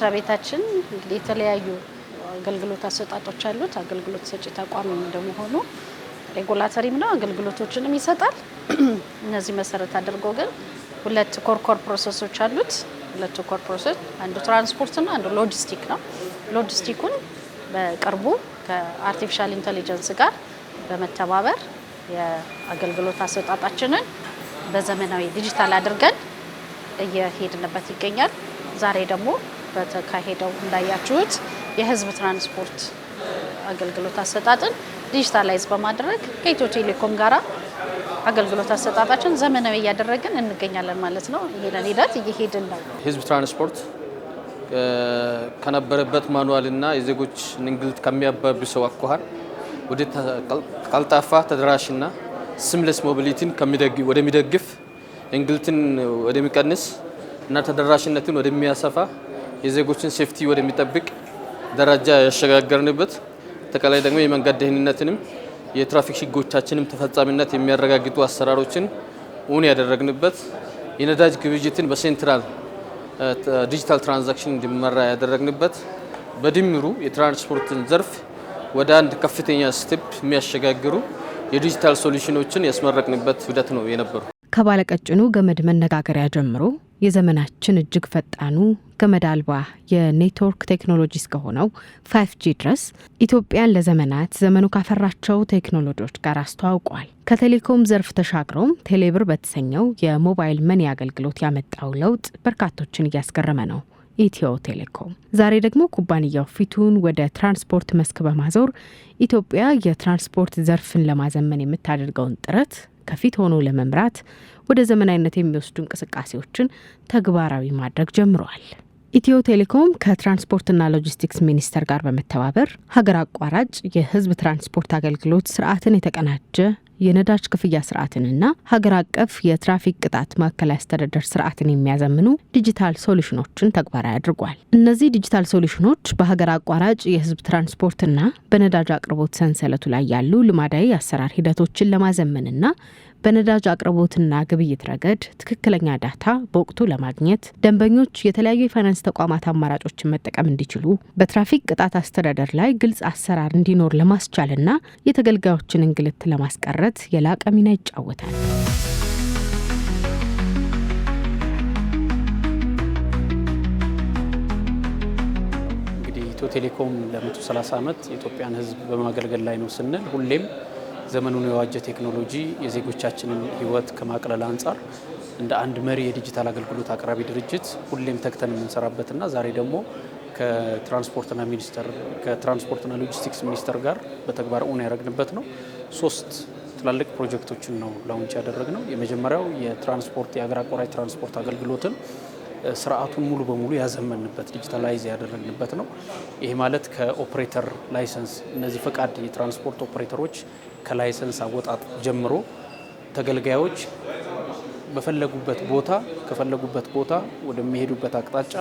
መስሪያ ቤታችን እንግዲህ የተለያዩ አገልግሎት አሰጣጦች አሉት። አገልግሎት ሰጪ ተቋም እንደመሆኑ ሬጉላተሪም ነው፣ አገልግሎቶችንም ይሰጣል። እነዚህ መሰረት አድርጎ ግን ሁለት ኮርኮር ፕሮሰሶች አሉት። ሁለቱ ኮር ፕሮሰስ አንዱ ትራንስፖርት ነው፣ አንዱ ሎጂስቲክ ነው። ሎጂስቲኩን በቅርቡ ከአርቲፊሻል ኢንቴሊጀንስ ጋር በመተባበር የአገልግሎት አሰጣጣችንን በዘመናዊ ዲጂታል አድርገን እየሄድንበት ይገኛል። ዛሬ ደግሞ በተካሄደው እንዳያችሁት የህዝብ ትራንስፖርት አገልግሎት አሰጣጥን ዲጂታላይዝ በማድረግ ከኢትዮ ቴሌኮም ጋራ አገልግሎት አሰጣጣችን ዘመናዊ እያደረግን እንገኛለን ማለት ነው። ይሄንን ሂደት እየሄድን ነው። የህዝብ ትራንስፖርት ከነበረበት ማኑዋልና የዜጎች እንግልት ከሚያባብሰው አኳኋን ወደ ቀልጣፋ ተደራሽና ስምለስ ሞቢሊቲን ወደሚደግፍ እንግልትን ወደሚቀንስ እና ተደራሽነትን ወደሚያሰፋ የዜጎችን ሴፍቲ ወደሚጠብቅ ደረጃ ያሸጋገርንበት፣ አጠቃላይ ደግሞ የመንገድ ደህንነትንም የትራፊክ ሕጎቻችንም ተፈጻሚነት የሚያረጋግጡ አሰራሮችን እውን ያደረግንበት፣ የነዳጅ ግብይትን በሴንትራል ዲጂታል ትራንዛክሽን እንዲመራ ያደረግንበት፣ በድምሩ የትራንስፖርትን ዘርፍ ወደ አንድ ከፍተኛ ስቴፕ የሚያሸጋግሩ የዲጂታል ሶሉሽኖችን ያስመረቅንበት ሂደት ነው የነበሩ። ከባለቀጭኑ ገመድ መነጋገሪያ ጀምሮ የዘመናችን እጅግ ፈጣኑ ገመድ አልባ የኔትወርክ ቴክኖሎጂ እስከሆነው ፋይፍ ጂ ድረስ ኢትዮጵያን ለዘመናት ዘመኑ ካፈራቸው ቴክኖሎጂዎች ጋር አስተዋውቋል። ከቴሌኮም ዘርፍ ተሻግሮም ቴሌብር በተሰኘው የሞባይል መኒ አገልግሎት ያመጣው ለውጥ በርካቶችን እያስገረመ ነው። ኢትዮ ቴሌኮም። ዛሬ ደግሞ ኩባንያው ፊቱን ወደ ትራንስፖርት መስክ በማዞር ኢትዮጵያ የትራንስፖርት ዘርፍን ለማዘመን የምታደርገውን ጥረት ከፊት ሆኖ ለመምራት ወደ ዘመናዊነት የሚወስዱ እንቅስቃሴዎችን ተግባራዊ ማድረግ ጀምረዋል። ኢትዮ ቴሌኮም ከትራንስፖርትና ሎጂስቲክስ ሚኒስቴር ጋር በመተባበር ሀገር አቋራጭ የሕዝብ ትራንስፖርት አገልግሎት ስርዓትን የተቀናጀ የነዳጅ ክፍያ ስርዓትንና ሀገር አቀፍ የትራፊክ ቅጣት ማዕከላዊ አስተዳደር ስርዓትን የሚያዘምኑ ዲጂታል ሶሉሽኖችን ተግባራዊ አድርጓል። እነዚህ ዲጂታል ሶሉሽኖች በሀገር አቋራጭ የህዝብ ትራንስፖርትና በነዳጅ አቅርቦት ሰንሰለቱ ላይ ያሉ ልማዳዊ አሰራር ሂደቶችን ለማዘመንና በነዳጅ አቅርቦትና ግብይት ረገድ ትክክለኛ ዳታ በወቅቱ ለማግኘት ደንበኞች የተለያዩ የፋይናንስ ተቋማት አማራጮችን መጠቀም እንዲችሉ በትራፊክ ቅጣት አስተዳደር ላይ ግልጽ አሰራር እንዲኖር ለማስቻልና የተገልጋዮችን እንግልት ለማስቀረት የላቀ ሚና ይጫወታል። ኢትዮ ቴሌኮም ለ130 ዓመት የኢትዮጵያን ሕዝብ በማገልገል ላይ ነው ስንል ሁሌም ዘመኑን የዋጀ ቴክኖሎጂ የዜጎቻችንን ህይወት ከማቅለል አንጻር እንደ አንድ መሪ የዲጂታል አገልግሎት አቅራቢ ድርጅት ሁሌም ተግተን የምንሰራበትና ዛሬ ደግሞ ከትራንስፖርትና ሚኒስተር ከትራንስፖርትና ሎጂስቲክስ ሚኒስቴር ጋር በተግባር እውን ያደረግንበት ነው። ሶስት ትላልቅ ፕሮጀክቶችን ነው ላውንች ያደረግነው። የመጀመሪያው የትራንስፖርት የአገር አቋራጭ ትራንስፖርት አገልግሎትን ስርዓቱን ሙሉ በሙሉ ያዘመንበት ዲጂታላይዝ ያደረግንበት ነው። ይሄ ማለት ከኦፕሬተር ላይሰንስ እነዚህ ፈቃድ የትራንስፖርት ኦፕሬተሮች ከላይሰንስ አወጣጥ ጀምሮ ተገልጋዮች በፈለጉበት ቦታ ከፈለጉበት ቦታ ወደሚሄዱበት አቅጣጫ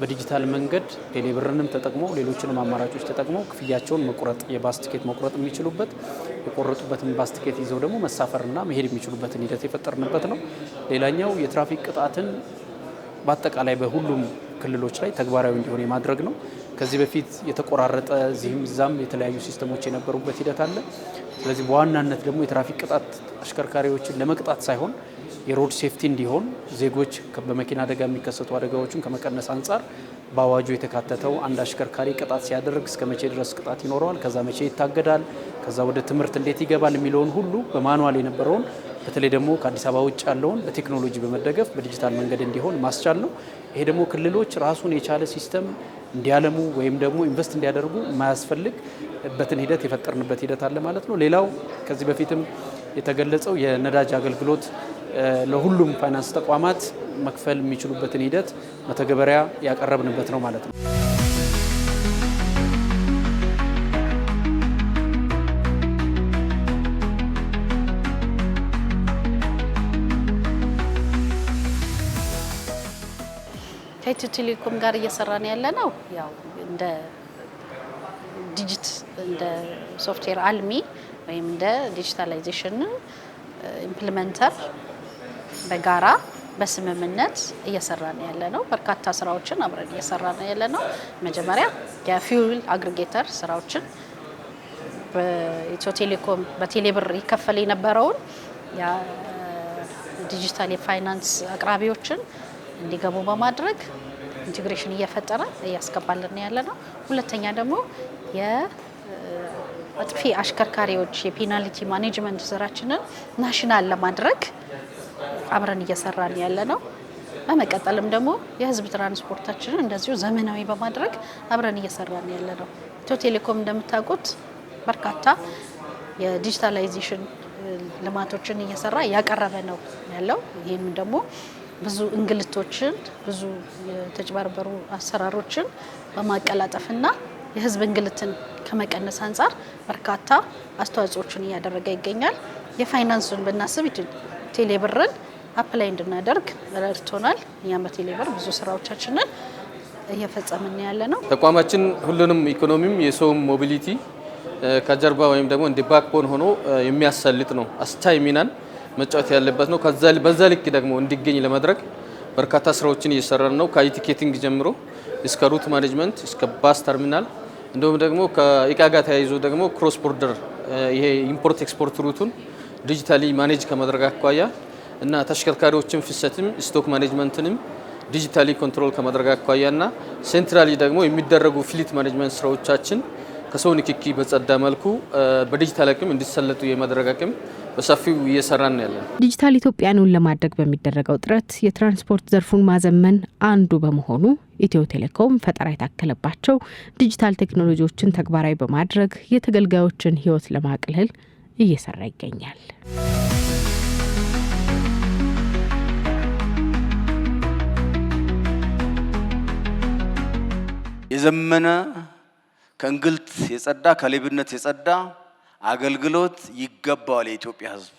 በዲጂታል መንገድ ቴሌብርንም ተጠቅመው ሌሎችንም አማራጮች ተጠቅመው ክፍያቸውን መቁረጥ የባስ መቁረጥ የሚችሉበት የቆረጡበትን ባስ ይዘው ደግሞ መሳፈርና መሄድ የሚችሉበትን ሂደት የፈጠርንበት ነው። ሌላኛው የትራፊክ ቅጣትን በአጠቃላይ በሁሉም ክልሎች ላይ ተግባራዊ እንዲሆን የማድረግ ነው። ከዚህ በፊት የተቆራረጠ እዚህም እዛም የተለያዩ ሲስተሞች የነበሩበት ሂደት አለ። ስለዚህ በዋናነት ደግሞ የትራፊክ ቅጣት አሽከርካሪዎችን ለመቅጣት ሳይሆን የሮድ ሴፍቲ እንዲሆን ዜጎች በመኪና አደጋ የሚከሰቱ አደጋዎችን ከመቀነስ አንጻር በአዋጁ የተካተተው አንድ አሽከርካሪ ቅጣት ሲያደርግ እስከ መቼ ድረስ ቅጣት ይኖረዋል፣ ከዛ መቼ ይታገዳል፣ ከዛ ወደ ትምህርት እንዴት ይገባል የሚለውን ሁሉ በማንዋል የነበረውን በተለይ ደግሞ ከአዲስ አበባ ውጭ ያለውን በቴክኖሎጂ በመደገፍ በዲጂታል መንገድ እንዲሆን ማስቻል ነው። ይሄ ደግሞ ክልሎች ራሱን የቻለ ሲስተም እንዲያለሙ ወይም ደግሞ ኢንቨስት እንዲያደርጉ የማያስፈልግበትን ሂደት የፈጠርንበት ሂደት አለ ማለት ነው። ሌላው ከዚህ በፊትም የተገለጸው የነዳጅ አገልግሎት ለሁሉም ፋይናንስ ተቋማት መክፈል የሚችሉበትን ሂደት መተግበሪያ ያቀረብንበት ነው ማለት ነው። ከኢትዮ ቴሌኮም ጋር እየሰራን ያለ ነው። ያው እንደ ዲጂት እንደ ሶፍትዌር አልሚ ወይም እንደ ዲጂታላይዜሽን ኢምፕሊመንተር በጋራ በስምምነት እየሰራን ያለ ነው። በርካታ ስራዎችን አብረን እየሰራን ያለ ነው። መጀመሪያ የፊውል አግሪጌተር ስራዎችን በኢትዮ ቴሌኮም በቴሌብር ይከፈል የነበረውን ዲጂታል የፋይናንስ አቅራቢዎችን እንዲገቡ በማድረግ ኢንቴግሬሽን እየፈጠረ እያስገባልን ያለ ነው። ሁለተኛ ደግሞ የአጥፊ አሽከርካሪዎች የፔናልቲ ማኔጅመንት ስራችንን ናሽናል ለማድረግ አብረን እየሰራን ያለ ነው። በመቀጠልም ደግሞ የህዝብ ትራንስፖርታችንን እንደዚሁ ዘመናዊ በማድረግ አብረን እየሰራን ያለ ነው። ኢትዮ ቴሌኮም እንደምታውቁት በርካታ የዲጂታላይዜሽን ልማቶችን እየሰራ እያቀረበ ነው ያለው። ይህም ደግሞ ብዙ እንግልቶችን ብዙ የተጭበርበሩ አሰራሮችን በማቀላጠፍና የህዝብ እንግልትን ከመቀነስ አንጻር በርካታ አስተዋጽኦችን እያደረገ ይገኛል። የፋይናንሱን ብናስብ ቴሌብርን አፕላይ እንድናደርግ ረድቶናል። እኛም በቴሌብር ብዙ ስራዎቻችንን እየፈጸምን ያለ ነው። ተቋማችን ሁሉንም ኢኮኖሚም የሰውም ሞቢሊቲ ከጀርባ ወይም ደግሞ እንደ ባክቦን ሆኖ የሚያሳልጥ ነው። አስቻይ ሚናን መጫወት ያለበት ነው። በዛ ልክ ደግሞ እንዲገኝ ለማድረግ በርካታ ስራዎችን እየሰራን ነው። ከኢቲኬቲንግ ጀምሮ እስከ ሩት ማኔጅመንት እስከ ባስ ተርሚናል እንዲሁም ደግሞ ከእቃ ጋር ተያይዞ ደግሞ ክሮስ ቦርደር ይሄ ኢምፖርት ኤክስፖርት ሩቱን ዲጂታሊ ማኔጅ ከማድረግ አኳያ እና ተሽከርካሪዎችን ፍሰትም ስቶክ ማኔጅመንትንም ዲጂታሊ ኮንትሮል ከማድረግ አኳያ እና ሴንትራሊ ደግሞ የሚደረጉ ፍሊት ማኔጅመንት ስራዎቻችን ከሰው ንክኪ በጸዳ መልኩ በዲጂታል አቅም እንዲሰለጡ የማድረግ አቅም በሰፊው እየሰራ ነው ያለን። ዲጂታል ኢትዮጵያንን ለማድረግ በሚደረገው ጥረት የትራንስፖርት ዘርፉን ማዘመን አንዱ በመሆኑ ኢትዮ ቴሌኮም ፈጠራ የታከለባቸው ዲጂታል ቴክኖሎጂዎችን ተግባራዊ በማድረግ የተገልጋዮችን ሕይወት ለማቅለል እየሰራ ይገኛል። የዘመነ ከእንግልት የጸዳ ከሌብነት የጸዳ አገልግሎት ይገባዋል የኢትዮጵያ ሕዝብ።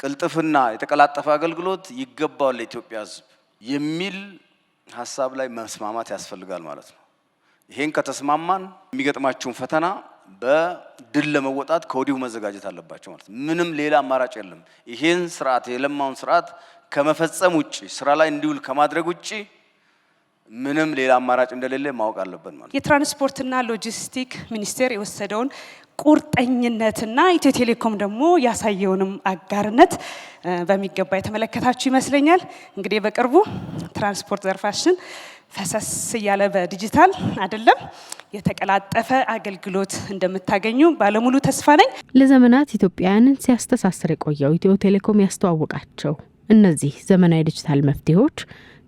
ቅልጥፍና፣ የተቀላጠፈ አገልግሎት ይገባዋል ለኢትዮጵያ ሕዝብ የሚል ሀሳብ ላይ መስማማት ያስፈልጋል ማለት ነው። ይሄን ከተስማማን የሚገጥማችሁን ፈተና በድል ለመወጣት ከወዲሁ መዘጋጀት አለባቸው ማለት ነው። ምንም ሌላ አማራጭ የለም። ይሄን ስርዓት የለማውን ስርዓት ከመፈጸም ውጭ ስራ ላይ እንዲውል ከማድረግ ውጭ ምንም ሌላ አማራጭ እንደሌለ ማወቅ አለበት ማለት የትራንስፖርትና ሎጂስቲክ ሚኒስቴር የወሰደውን ቁርጠኝነትና ኢትዮ ቴሌኮም ደግሞ ያሳየውንም አጋርነት በሚገባ የተመለከታችሁ ይመስለኛል። እንግዲህ በቅርቡ ትራንስፖርት ዘርፋችን ፈሰስ እያለ በዲጂታል አይደለም የተቀላጠፈ አገልግሎት እንደምታገኙ ባለሙሉ ተስፋ ነኝ። ለዘመናት ኢትዮጵያውያንን ሲያስተሳስር የቆየው ኢትዮ ቴሌኮም ያስተዋወቃቸው እነዚህ ዘመናዊ ዲጂታል መፍትሄዎች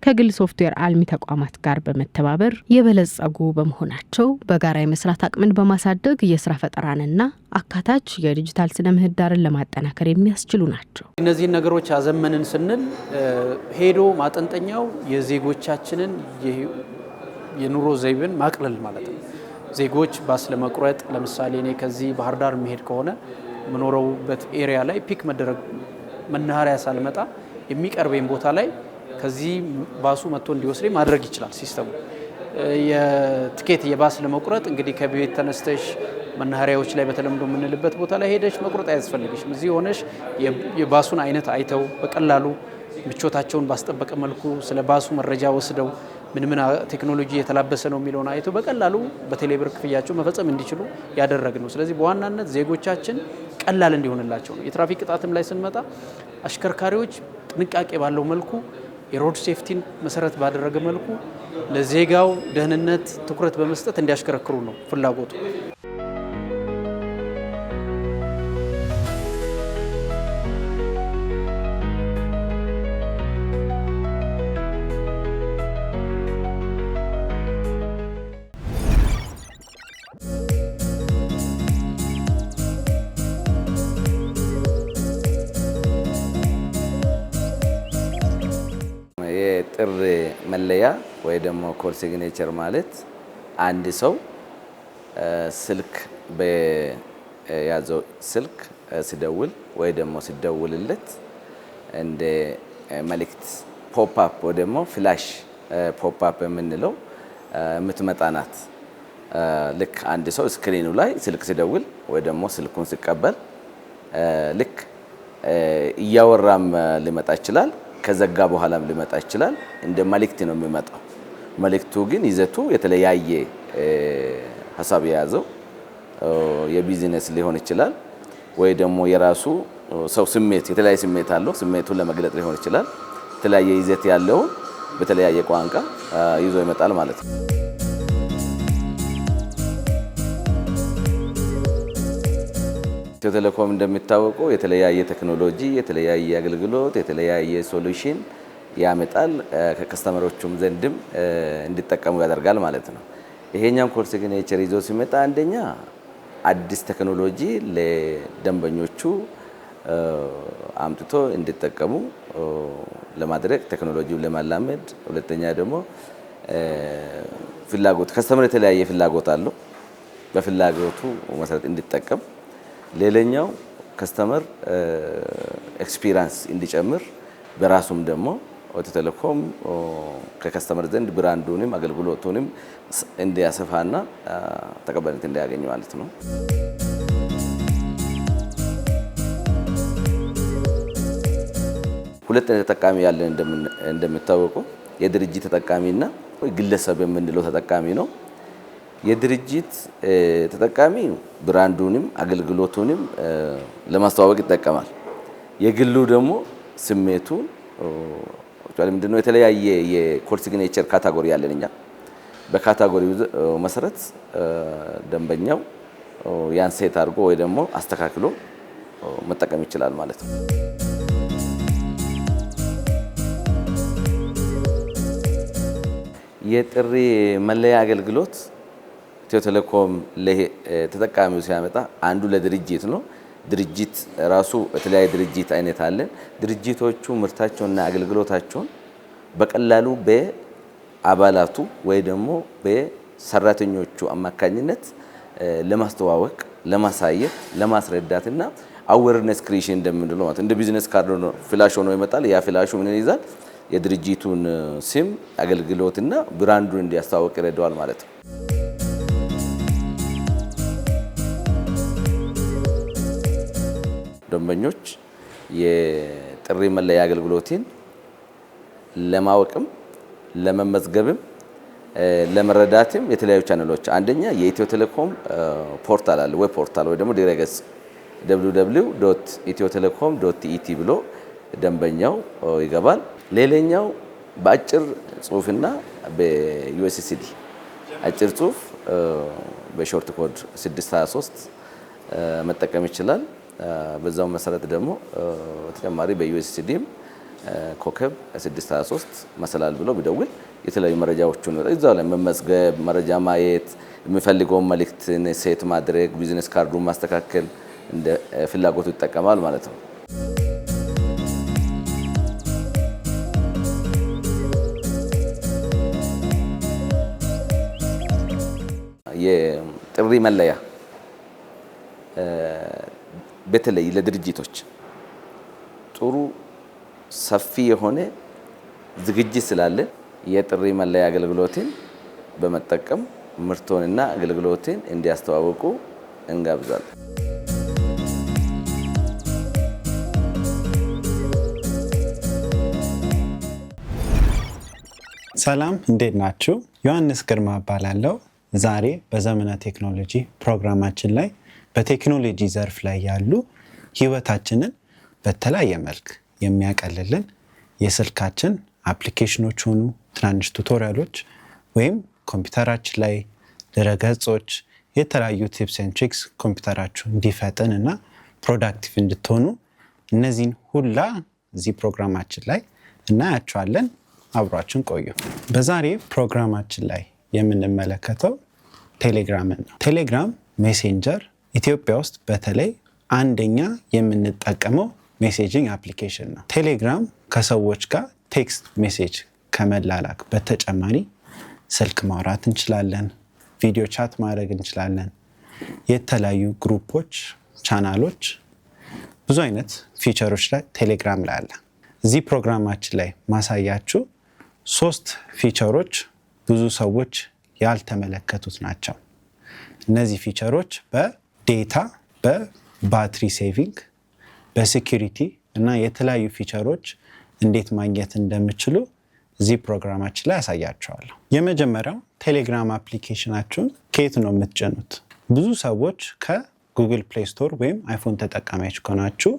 ከግል ሶፍትዌር አልሚ ተቋማት ጋር በመተባበር የበለጸጉ በመሆናቸው በጋራ የመስራት አቅምን በማሳደግ የስራ ፈጠራንና አካታች የዲጂታል ስነ ምህዳርን ለማጠናከር የሚያስችሉ ናቸው። እነዚህን ነገሮች አዘመንን ስንል ሄዶ ማጠንጠኛው የዜጎቻችንን የኑሮ ዘይብን ማቅለል ማለት ነው። ዜጎች ባስ ለመቁረጥ ለምሳሌ እኔ ከዚህ ባህር ዳር የሚሄድ ከሆነ የምኖረውበት ኤሪያ ላይ ፒክ መደረግ መናኸሪያ ሳልመጣ የሚቀርበኝ ቦታ ላይ ከዚህ ባሱ መጥቶ እንዲወስደኝ ማድረግ ይችላል ሲስተሙ። የትኬት የባስ ለመቁረጥ እንግዲህ ከቤት ተነስተሽ መናኸሪያዎች ላይ በተለምዶ የምንልበት ቦታ ላይ ሄደሽ መቁረጥ አያስፈልግሽም። እዚህ ሆነሽ የባሱን አይነት አይተው በቀላሉ ምቾታቸውን ባስጠበቀ መልኩ ስለ ባሱ መረጃ ወስደው ምን ምን ቴክኖሎጂ የተላበሰ ነው የሚለውን አይቶ በቀላሉ በቴሌብር ክፍያቸው መፈጸም እንዲችሉ ያደረግ ነው። ስለዚህ በዋናነት ዜጎቻችን ቀላል እንዲሆንላቸው ነው። የትራፊክ ቅጣትም ላይ ስንመጣ አሽከርካሪዎች ጥንቃቄ ባለው መልኩ የሮድ ሴፍቲን መሰረት ባደረገ መልኩ ለዜጋው ደህንነት ትኩረት በመስጠት እንዲያሽከረክሩ ነው ፍላጎቱ። ኮል ሲግኔቸር ማለት አንድ ሰው ስልክ በያዘው ስልክ ሲደውል ወይ ደግሞ ሲደውልለት እንደ መልእክት ፖፕ አፕ ወይ ደግሞ ፍላሽ ፖፕ አፕ የምንለው የምትመጣ ናት። ልክ አንድ ሰው ስክሪኑ ላይ ስልክ ሲደውል ወይ ደግሞ ስልኩን ሲቀበል ልክ እያወራም ሊመጣ ይችላል፣ ከዘጋ በኋላም ሊመጣ ይችላል። እንደ መልእክት ነው የሚመጣው። መልእክቱ ግን ይዘቱ የተለያየ ሀሳብ የያዘው የቢዝነስ ሊሆን ይችላል ወይ ደግሞ የራሱ ሰው ስሜት የተለያየ ስሜት አለው። ስሜቱን ለመግለጥ ሊሆን ይችላል። የተለያየ ይዘት ያለውን በተለያየ ቋንቋ ይዞ ይመጣል ማለት ነው። ኢትዮ ቴሌኮም እንደሚታወቀው የተለያየ ቴክኖሎጂ፣ የተለያየ አገልግሎት፣ የተለያየ ሶሉሽን ያመጣል። ከከስተመሮቹም ዘንድም እንዲጠቀሙ ያደርጋል ማለት ነው። ይሄኛም ግን ሲግኔቸር ይዞ ሲመጣ አንደኛ አዲስ ቴክኖሎጂ ለደንበኞቹ አምጥቶ እንዲጠቀሙ ለማድረግ ቴክኖሎጂውን ለማላመድ፣ ሁለተኛ ደግሞ ፍላጎት ከስተመር የተለያየ ፍላጎት አለው። በፍላጎቱ መሰረት እንዲጠቀም፣ ሌላኛው ከስተመር ኤክስፒሪንስ እንዲጨምር በራሱም ደግሞ ኦቲ ቴሌኮም ከከስተመር ዘንድ ብራንዱንም አገልግሎቱንም እንዲያሰፋና ተቀባይነት እንዲያገኝ ማለት ነው። ሁለት አይነት ተጠቃሚ ያለን እንደሚታወቀው የድርጅት ተጠቃሚና ግለሰብ የምንለው ተጠቃሚ ነው። የድርጅት ተጠቃሚ ብራንዱንም አገልግሎቱንም ለማስተዋወቅ ይጠቀማል። የግሉ ደግሞ ስሜቱን ቁጭ ምንድን ነው የተለያየ የኮድ ሲግኔቸር ካታጎሪ ያለን እኛ በካታጎሪው መሰረት ደንበኛው ያን ሴት አድርጎ ወይ ደግሞ አስተካክሎ መጠቀም ይችላል ማለት ነው። የጥሪ መለያ አገልግሎት ኢትዮ ቴሌኮም ተጠቃሚው ሲያመጣ አንዱ ለድርጅት ነው። ድርጅት ራሱ የተለያየ ድርጅት አይነት አለ። ድርጅቶቹ ምርታቸውንና አገልግሎታቸውን በቀላሉ በአባላቱ ወይ ደግሞ በሰራተኞቹ አማካኝነት ለማስተዋወቅ፣ ለማሳየት፣ ለማስረዳት እና አዌርነስ ክሪኤሽን እንደምንለው ማለት እንደ ቢዝነስ ካርድ ፍላሽ ሆኖ ይመጣል። ያ ፍላሹ ምን ይዛል? የድርጅቱን ስም፣ አገልግሎትና ብራንዱን እንዲያስተዋወቅ ይረዳዋል ማለት ነው። ደንበኞች የጥሪ መለያ አገልግሎቴን ለማወቅም ለመመዝገብም ለመረዳትም የተለያዩ ቻነሎች አንደኛ የኢትዮ ቴሌኮም ፖርታል አለ፣ ዌብ ፖርታል ወይ ደግሞ ድረገጽ www ኢትዮ ቴሌኮም ዶት ኢቲ ብሎ ደንበኛው ይገባል። ሌላኛው በአጭር ጽሁፍና በዩኤስሲዲ አጭር ጽሁፍ በሾርት ኮድ 623 መጠቀም ይችላል። በዛው መሰረት ደግሞ በተጨማሪ በዩኤስሲዲም ኮከብ 623 መሰላል ብሎ ቢደውል የተለያዩ መረጃዎቹን እዛው ላይ መመዝገብ፣ መረጃ ማየት፣ የሚፈልገውን መልእክትን ሴት ማድረግ፣ ቢዝነስ ካርዱን ማስተካከል እንደ ፍላጎቱ ይጠቀማል ማለት ነው። የጥሪ መለያ በተለይ ለድርጅቶች ጥሩ ሰፊ የሆነ ዝግጅት ስላለ የጥሪ መለያ አገልግሎትን በመጠቀም ምርቶንና አገልግሎትን እንዲያስተዋውቁ እንጋብዛለን። ሰላም፣ እንዴት ናችሁ? ዮሐንስ ግርማ እባላለሁ። ዛሬ በዘመነ ቴክኖሎጂ ፕሮግራማችን ላይ በቴክኖሎጂ ዘርፍ ላይ ያሉ ህይወታችንን በተለያየ መልክ የሚያቀልልን የስልካችን አፕሊኬሽኖች ሆኑ ትናንሽ ቱቶሪያሎች ወይም ኮምፒውተራችን ላይ ድረገጾች፣ የተለያዩ ን ትሪክስ ኮምፒውተራችሁ እንዲፈጥን እና ፕሮዳክቲቭ እንድትሆኑ እነዚህን ሁላ እዚህ ፕሮግራማችን ላይ እናያቸዋለን። አብሯችን ቆዩ። በዛሬ ፕሮግራማችን ላይ የምንመለከተው ቴሌግራምን ነው። ቴሌግራም ሜሴንጀር ኢትዮጵያ ውስጥ በተለይ አንደኛ የምንጠቀመው ሜሴጂንግ አፕሊኬሽን ነው። ቴሌግራም ከሰዎች ጋር ቴክስት ሜሴጅ ከመላላክ በተጨማሪ ስልክ ማውራት እንችላለን፣ ቪዲዮ ቻት ማድረግ እንችላለን። የተለያዩ ግሩፖች፣ ቻናሎች፣ ብዙ አይነት ፊቸሮች ላይ ቴሌግራም ላይ አለ። እዚህ ፕሮግራማችን ላይ ማሳያችሁ ሶስት ፊቸሮች ብዙ ሰዎች ያልተመለከቱት ናቸው። እነዚህ ፊቸሮች በ ዴታ በባትሪ ሴቪንግ በሴኪሪቲ እና የተለያዩ ፊቸሮች እንዴት ማግኘት እንደምችሉ እዚህ ፕሮግራማችን ላይ ያሳያቸዋለሁ። የመጀመሪያው ቴሌግራም አፕሊኬሽናችሁን ከየት ነው የምትጭኑት? ብዙ ሰዎች ከጉግል ፕሌይ ስቶር ወይም አይፎን ተጠቃሚዎች ከሆናችሁ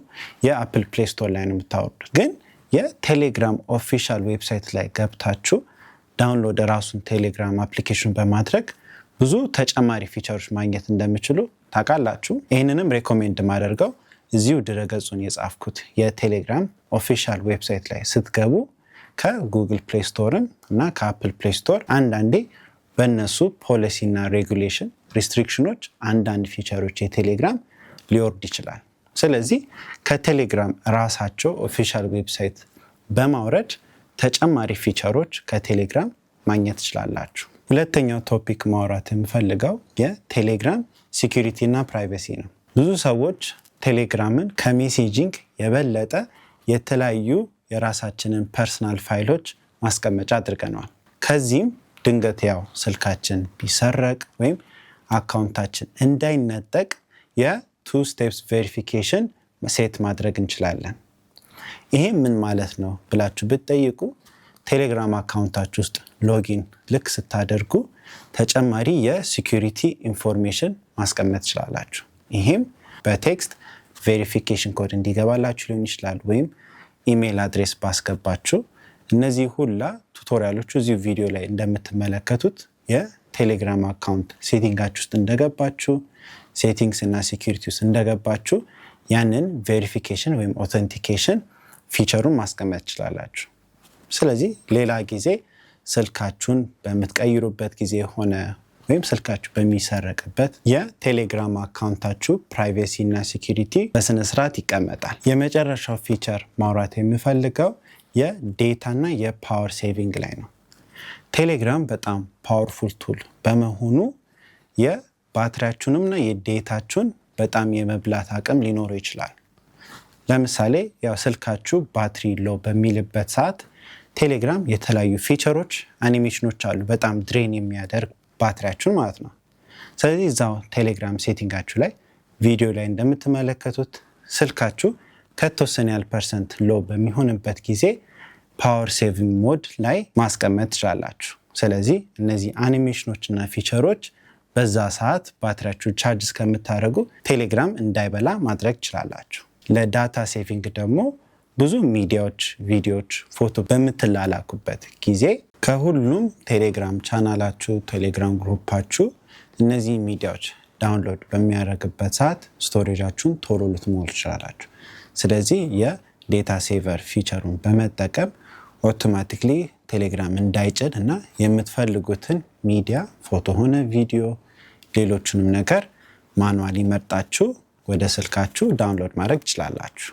የአፕል ፕሌይ ስቶር ላይ ነው የምታወርዱት። ግን የቴሌግራም ኦፊሻል ዌብሳይት ላይ ገብታችሁ ዳውንሎድ ራሱን ቴሌግራም አፕሊኬሽን በማድረግ ብዙ ተጨማሪ ፊቸሮች ማግኘት እንደምችሉ ታውቃላችሁ። ይህንንም ሬኮሜንድ ማደርገው እዚሁ ድረገጹን የጻፍኩት የቴሌግራም ኦፊሻል ዌብሳይት ላይ ስትገቡ ከጉግል ፕሌይ ስቶርም እና ከአፕል ፕሌይ ስቶር አንዳንዴ በእነሱ ፖሊሲ እና ሬጉሌሽን ሪስትሪክሽኖች አንዳንድ ፊቸሮች የቴሌግራም ሊወርድ ይችላል። ስለዚህ ከቴሌግራም ራሳቸው ኦፊሻል ዌብሳይት በማውረድ ተጨማሪ ፊቸሮች ከቴሌግራም ማግኘት ትችላላችሁ። ሁለተኛው ቶፒክ ማውራት የምፈልገው የቴሌግራም ሲኩሪቲ እና ፕራይቬሲ ነው። ብዙ ሰዎች ቴሌግራምን ከሜሴጂንግ የበለጠ የተለያዩ የራሳችንን ፐርሰናል ፋይሎች ማስቀመጫ አድርገነዋል። ከዚህም ድንገት ያው ስልካችን ቢሰረቅ ወይም አካውንታችን እንዳይነጠቅ የቱ ስቴፕስ ቬሪፊኬሽን ሴት ማድረግ እንችላለን። ይሄ ምን ማለት ነው ብላችሁ ብትጠይቁ ቴሌግራም አካውንታች ውስጥ ሎጊን ልክ ስታደርጉ ተጨማሪ የሲኩሪቲ ኢንፎርሜሽን ማስቀመጥ ትችላላችሁ። ይህም በቴክስት ቬሪፊኬሽን ኮድ እንዲገባላችሁ ሊሆን ይችላል ወይም ኢሜይል አድሬስ ባስገባችሁ። እነዚህ ሁላ ቱቶሪያሎቹ እዚሁ ቪዲዮ ላይ እንደምትመለከቱት የቴሌግራም አካውንት ሴቲንጋችሁ ውስጥ እንደገባችሁ፣ ሴቲንግስ እና ሴኪሪቲ ውስጥ እንደገባችሁ ያንን ቬሪፊኬሽን ወይም ኦተንቲኬሽን ፊቸሩን ማስቀመጥ ትችላላችሁ። ስለዚህ ሌላ ጊዜ ስልካችሁን በምትቀይሩበት ጊዜ ሆነ ወይም ስልካችሁ በሚሰረቅበት የቴሌግራም አካውንታችሁ ፕራይቬሲ እና ሴኪሪቲ በስነስርዓት ይቀመጣል። የመጨረሻው ፊቸር ማውራት የምፈልገው የዴታና የፓወር ሴቪንግ ላይ ነው። ቴሌግራም በጣም ፓወርፉል ቱል በመሆኑ ና የዴታችሁን በጣም የመብላት አቅም ሊኖረው ይችላል። ለምሳሌ ያው ስልካችሁ ባትሪ ሎ በሚልበት ሰዓት ቴሌግራም የተለያዩ ፊቸሮች፣ አኒሜሽኖች አሉ። በጣም ድሬን የሚያደርግ ባትሪያችሁን ማለት ነው። ስለዚህ እዛው ቴሌግራም ሴቲንጋችሁ ላይ ቪዲዮ ላይ እንደምትመለከቱት ስልካችሁ ከተወሰነ ያል ፐርሰንት ሎ በሚሆንበት ጊዜ ፓወር ሴቪንግ ሞድ ላይ ማስቀመጥ ትችላላችሁ። ስለዚህ እነዚህ አኒሜሽኖችና ፊቸሮች በዛ ሰዓት ባትሪያችሁ ቻርጅ እስከምታደረጉ ቴሌግራም እንዳይበላ ማድረግ ትችላላችሁ። ለዳታ ሴቪንግ ደግሞ ብዙ ሚዲያዎች፣ ቪዲዮዎች፣ ፎቶ በምትላላኩበት ጊዜ ከሁሉም ቴሌግራም ቻናላችሁ፣ ቴሌግራም ግሩፓችሁ እነዚህ ሚዲያዎች ዳውንሎድ በሚያደርግበት ሰዓት ስቶሬጃችሁን ቶሎ ልትሞሉ ትችላላችሁ። ስለዚህ የዴታ ሴቨር ፊቸሩን በመጠቀም ኦቶማቲክሊ ቴሌግራም እንዳይጭን እና የምትፈልጉትን ሚዲያ ፎቶ ሆነ ቪዲዮ፣ ሌሎችንም ነገር ማንዋል መርጣችሁ ወደ ስልካችሁ ዳውንሎድ ማድረግ ትችላላችሁ።